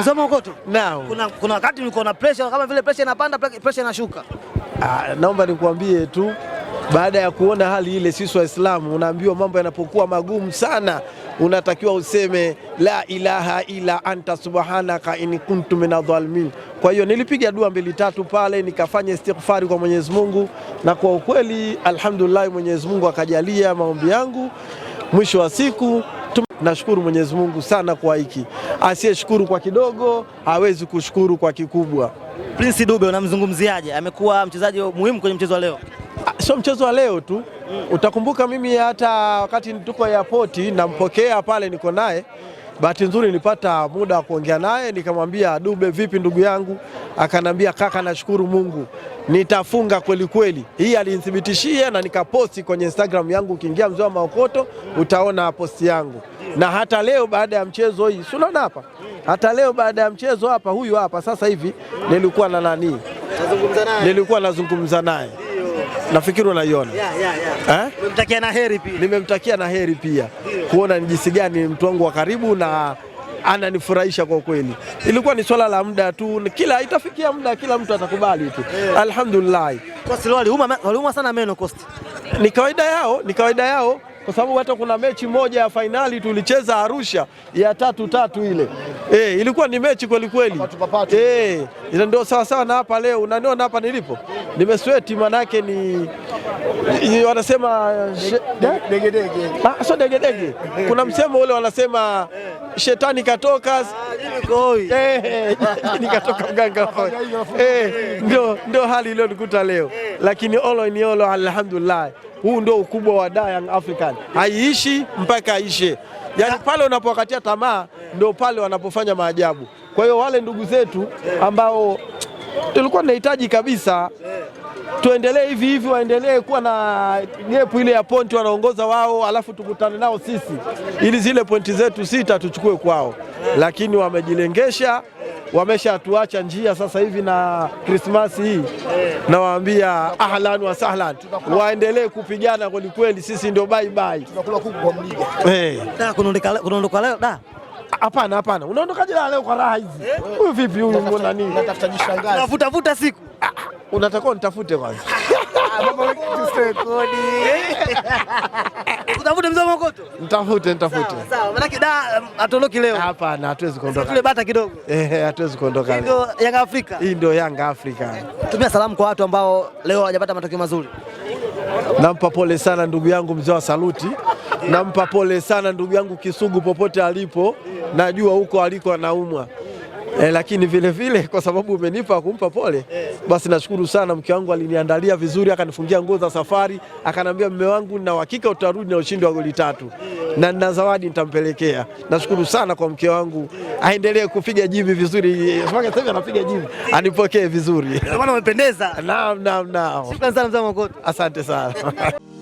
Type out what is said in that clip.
Mzoma ah. uko tu? Naam. Kuna, kuna wakati niko na pressure kama vile pressure inapanda, pressure inashuka. Ah, naomba nikuambie tu baada ya kuona hali ile, sisi Waislamu unaambiwa mambo yanapokuwa magumu sana, unatakiwa useme la ilaha illa anta subhanaka in kuntu minadhalimin dhalimin Kwa hiyo nilipiga dua mbili tatu pale, nikafanya istighfari kwa Mwenyezi Mungu, na kwa ukweli alhamdulillah, Mwenyezi Mungu akajalia maombi yangu, mwisho wa siku Nashukuru Mwenyezi Mungu sana kwa hiki. Asiyeshukuru kwa kidogo hawezi kushukuru kwa kikubwa. Prince Dube unamzungumziaje? Amekuwa mchezaji muhimu kwenye mchezo wa leo. Ah, sio mchezo wa leo tu mm. Utakumbuka mimi hata wakati tuko airport nampokea pale, niko naye bahati nzuri nilipata muda wa kuongea naye, nikamwambia Dube, vipi ndugu yangu? Akanambia kaka, nashukuru Mungu nitafunga kweli kweli. Hii alinithibitishia na nikaposti kwenye Instagram yangu, ukiingia Mzee wa Maokoto utaona posti yangu na hata leo baada ya mchezo hii, si unaona hapa, hata leo baada ya mchezo hapa, huyu hapa sasa hivi nilikuwa na nani, nilikuwa nazungumza naye, nafikiri unaiona, eh? nimemtakia na heri pia, nimemtakia na heri pia, kuona ni jinsi gani mtu wangu wa karibu na ananifurahisha kwa kweli. Ilikuwa ni swala la muda tu, kila itafikia muda, kila mtu atakubali tu yeah. Alhamdulillah, waliuma sana meno Costa, ni kawaida yao, ni kawaida yao kwa sababu hata kuna mechi moja ya fainali tulicheza Arusha ya tatu tatu ile e, ilikuwa ni mechi kweli kweli e, ndio sawa sawa na hapa leo. Unaniona hapa nilipo nimesweti, manake ni wanasema degedege, ah, sio degedege, kuna msemo ule wanasema shetani katoka ah, eh, eh, nikatoka mganga eh, ndio ndio hali iliyonikuta leo, lakini olo ni olo, alhamdulillah. Huu ndio ukubwa wa da Young African, haiishi mpaka aishe. Yani pale unapokatia tamaa ndio pale wanapofanya maajabu. Kwa hiyo wale ndugu zetu ambao tulikuwa tunahitaji kabisa tuendelee hivi hivi, waendelee kuwa na gepu ile ya pointi, wanaongoza wao, alafu tukutane nao sisi ili zile pointi zetu sita tuchukue kwao, lakini wamejilengesha wameshatuacha njia sasa hivi na Krismasi hii nawaambia, ahlan wa sahlan, waendelee kupigana kweli kweli, sisi ndio bye bye. Tunakula eh. Kunaondoka leo da? Hapana, hapana, unaondokaje leo kwa raha hizi? Eh. Huyu vipi huyu, nini? Natafuta vuta siku ah, unatakiwa nitafute kwanza. Utafute mzee Makoto? Nitafute, nitafute. Sawa, maanake da leo. Hapana, hatuwezi kuondoka. Tule bata kidogo. hatuwezi kuondoka. ndio Yanga Afrika. Hii ndio Yanga Afrika. Tumia salamu kwa watu ambao leo hawajapata matokeo mazuri. Nampa pole sana ndugu yangu mzee wa Saluti. Nampa pole sana ndugu yangu Kisugu popote alipo. Najua huko aliko anaumwa. E, lakini vile vile kwa sababu umenipa kumpa pole, basi nashukuru sana. Mke wangu aliniandalia vizuri, akanifungia nguo za safari, akanambia mme wangu, na uhakika utarudi na ushindi wa goli tatu na na zawadi nitampelekea. Nashukuru sana kwa mke wangu, aendelee kupiga jivi vizuri, sababu sasa anapiga jivi, anipokee vizuri. Umependeza. Naam, naam, naam. Shukrani sana mzee Mwokoto, asante sana